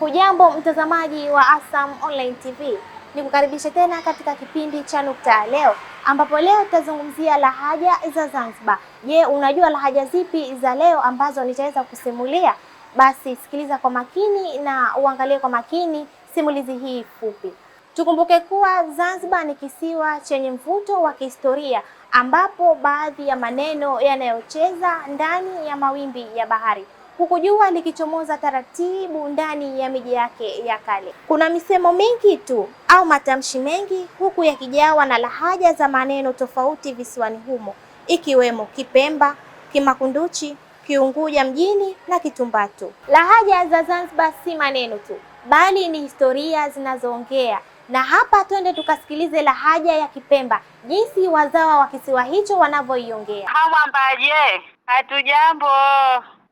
Hujambo mtazamaji wa ASAM Online TV, nikukaribishe tena katika kipindi cha Nukta ya Leo, ambapo leo tutazungumzia lahaja za Zanzibar. Je, unajua lahaja zipi za leo ambazo nitaweza kusimulia? Basi sikiliza kwa makini na uangalie kwa makini simulizi hii fupi. Tukumbuke kuwa Zanzibar ni kisiwa chenye mvuto wa kihistoria ambapo baadhi ya maneno yanayocheza ndani ya mawimbi ya bahari huku jua likichomoza taratibu ndani ya miji yake ya kale. Kuna misemo mingi tu au matamshi mengi, huku yakijawa na lahaja za maneno tofauti visiwani humo, ikiwemo Kipemba, Kimakunduchi, Kiunguja mjini na Kitumbatu. Lahaja za Zanzibar si maneno tu, bali ni historia zinazoongea na hapa twende tukasikilize lahaja ya Kipemba, jinsi wazawa wa kisiwa hicho wanavyoiongea. Hawa mbaje, hatujambo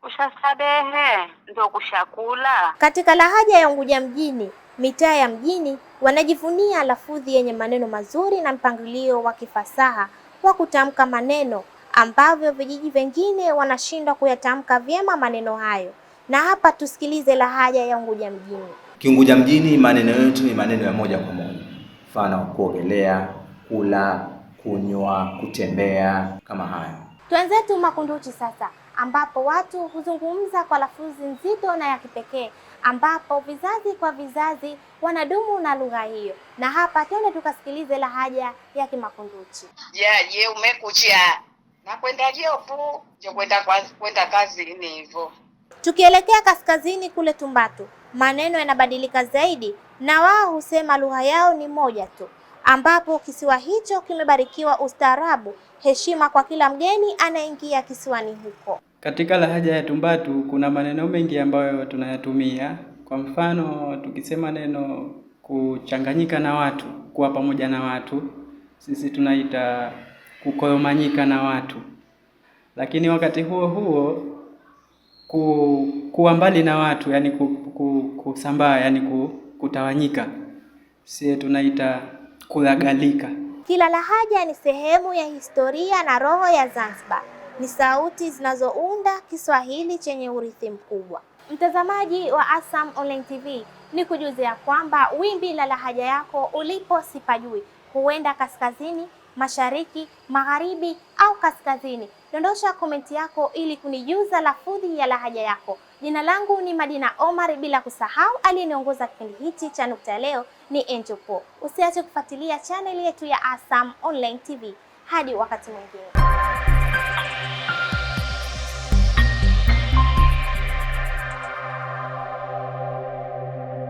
Ushastarehe ndio kushakula. Katika lahaja ya Unguja mjini, mitaa ya mjini wanajivunia lafudhi yenye maneno mazuri na mpangilio wa kifasaha wa kutamka maneno ambavyo vijiji vingine wanashindwa kuyatamka vyema maneno hayo, na hapa tusikilize lahaja ya Unguja mjini. Kiunguja mjini, maneno yetu ni maneno ya moja kwa moja, mfano kuogelea, kula, kunywa, kutembea, kama haya. Twenzetu Makunduchi sasa ambapo watu huzungumza kwa lafudhi nzito na ya kipekee ambapo vizazi kwa vizazi wanadumu na lugha hiyo. Na hapa twende tukasikilize lahaja ya Kimakunduchi. Ya je, umekuchia umekucha na kwenda jopu jo kwenda kwenda kazi ni hivyo. Tukielekea kaskazini kule Tumbatu, maneno yanabadilika zaidi na wao husema lugha yao ni moja tu ambapo kisiwa hicho kimebarikiwa ustaarabu, heshima kwa kila mgeni anayeingia kisiwani huko. Katika lahaja ya Tumbatu kuna maneno mengi ambayo tunayatumia. Kwa mfano, tukisema neno kuchanganyika na watu, kuwa pamoja na watu, sisi tunaita kukoromanyika na watu, lakini wakati huo huo ku, kuwa mbali na watu, yani kusambaa, yani kutawanyika, sie tunaita kulagalika. Kila lahaja ni sehemu ya historia na roho ya Zanzibar, ni sauti zinazounda Kiswahili chenye urithi mkubwa. Mtazamaji wa ASAM Online TV, ni ya kwamba wimbi la lahaja yako ulipo sipajui, huenda kaskazini, mashariki, magharibi au kaskazini. Dondosha komenti yako ili kunijuza lafudhi ya lahaja yako. Jina langu ni Madina Omar, bila kusahau aliyeniongoza kipindi hichi cha Nukta Leo ni Angel Paul. Usiache kufuatilia chaneli yetu ya ASAM Online TV. Hadi wakati mwingine.